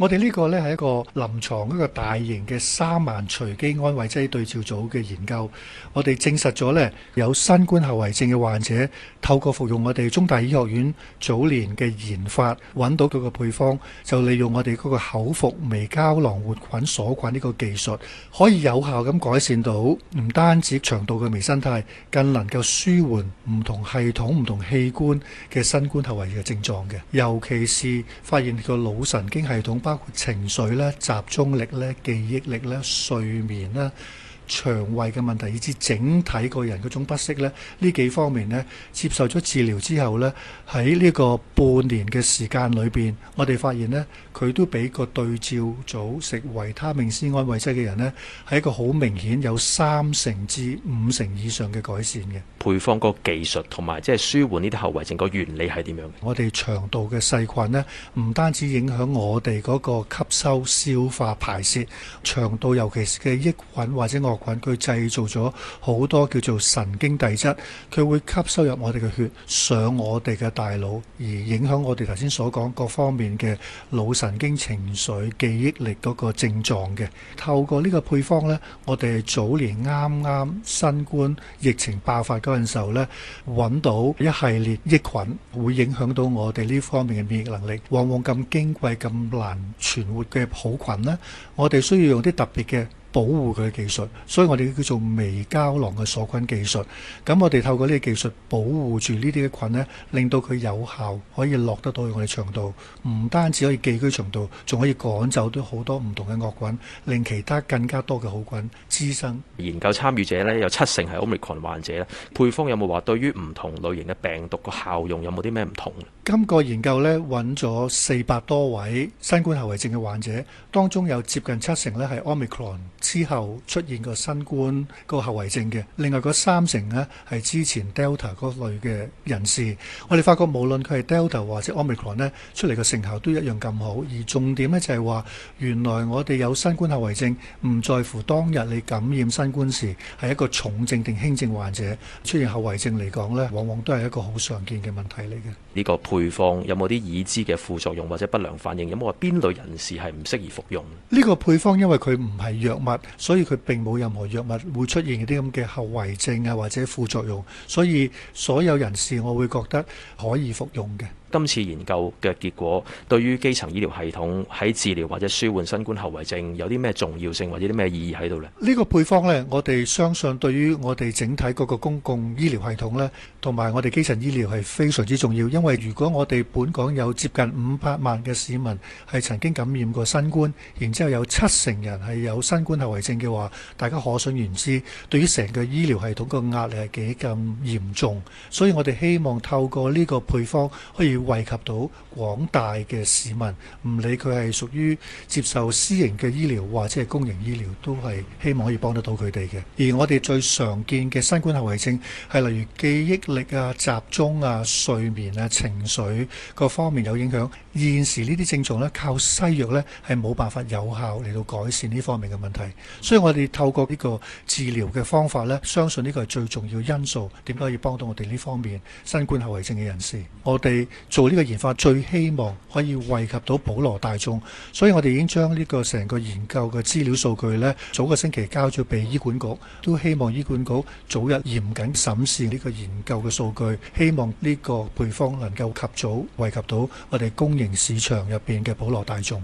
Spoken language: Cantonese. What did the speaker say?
我哋呢個呢係一個臨床一個大型嘅三萬隨機安慰劑對照組嘅研究，我哋證實咗呢有新冠後遺症嘅患者，透過服用我哋中大醫學院早年嘅研發揾到佢個配方，就利用我哋嗰個口服微膠囊活菌鎖菌呢個技術，可以有效咁改善到唔單止腸道嘅微生態，更能夠紓緩唔同系統、唔同器官嘅新冠後遺嘅症狀嘅。尤其是發現個腦神經系統包括情緒咧、集中力咧、記憶力咧、睡眠咧，腸胃嘅問題，以至整體個人嗰種不適呢，呢幾方面咧，接受咗治療之後呢，喺呢個半年嘅時間裏邊，我哋發現呢，佢都比個對照組食維他命 C 安慰劑嘅人呢，係一個好明顯有三成至五成以上嘅改善嘅。配方個技術同埋即係舒緩呢啲後遺症個原理係點樣嘅？我哋腸道嘅細菌呢，唔單止影響我哋嗰個吸收、消化、排泄，腸道尤其是嘅益菌或者惡菌佢製造咗好多叫做神經遞質，佢會吸收入我哋嘅血，上我哋嘅大腦，而影響我哋頭先所講各方面嘅腦神經、情緒、記憶力嗰個症狀嘅。透過呢個配方呢，我哋早年啱啱新冠疫情爆發嗰陣時候呢，揾到一系列益菌，會影響到我哋呢方面嘅免疫能力。往往咁矜貴、咁難存活嘅好菌呢，我哋需要用啲特別嘅。保護佢嘅技術，所以我哋叫做微膠囊嘅鎖菌技術。咁我哋透過呢個技術保護住呢啲嘅菌呢，令到佢有效，可以落得到去我哋腸道，唔單止可以寄居腸道，仲可以趕走到好多唔同嘅惡菌，令其他更加多嘅好菌滋生。研究參與者呢，有七成係 Omicron 患者，配方有冇話對於唔同類型嘅病毒個效用有冇啲咩唔同？今個研究呢，揾咗四百多位新冠後遺症嘅患者，當中有接近七成呢係 Omicron。之後出現個新冠個後遺症嘅，另外嗰三成呢係之前 Delta 嗰類嘅人士，我哋發覺無論佢係 Delta 或者 Omicron 呢，出嚟個成效都一樣咁好，而重點呢，就係話原來我哋有新冠後遺症，唔在乎當日你感染新冠時係一個重症定輕症，患者出現後遺症嚟講呢，往往都係一個好常見嘅問題嚟嘅。呢個配方有冇啲已知嘅副作用或者不良反應？有冇話邊類人士係唔適宜服用？呢個配方因為佢唔係藥物。所以佢並冇任何藥物會出現啲咁嘅後遺症啊，或者副作用。所以所有人士，我會覺得可以服用嘅。今次研究嘅結果對於基層醫療系統喺治療或者舒緩新冠後遺症有啲咩重要性或者啲咩意義喺度咧？呢個配方咧，我哋相信對於我哋整體嗰個公共醫療系統咧，同埋我哋基層醫療係非常之重要。因為如果我哋本港有接近五百萬嘅市民係曾經感染過新冠，然之後有七成人係有新冠後遺症嘅話，大家可想而知對於成個醫療系統個壓力係幾咁嚴重。所以我哋希望透過呢個配方可以。惠及到廣大嘅市民，唔理佢係屬於接受私營嘅醫療或者係公營醫療，都係希望可以幫得到佢哋嘅。而我哋最常見嘅新冠後遺症係例如記憶力啊、集中啊、睡眠啊、情緒各方面有影響。現時這些狀呢啲症狀呢，靠西藥呢係冇辦法有效嚟到改善呢方面嘅問題。所以我哋透過呢個治療嘅方法呢，相信呢個係最重要因素，點解可以幫到我哋呢方面新冠後遺症嘅人士？我哋做呢個研發最希望可以惠及到普羅大眾，所以我哋已經將呢個成個研究嘅資料數據呢，早個星期交咗俾醫管局，都希望醫管局早日嚴謹審視呢個研究嘅數據，希望呢個配方能夠及早惠及到我哋公營市場入邊嘅普羅大眾。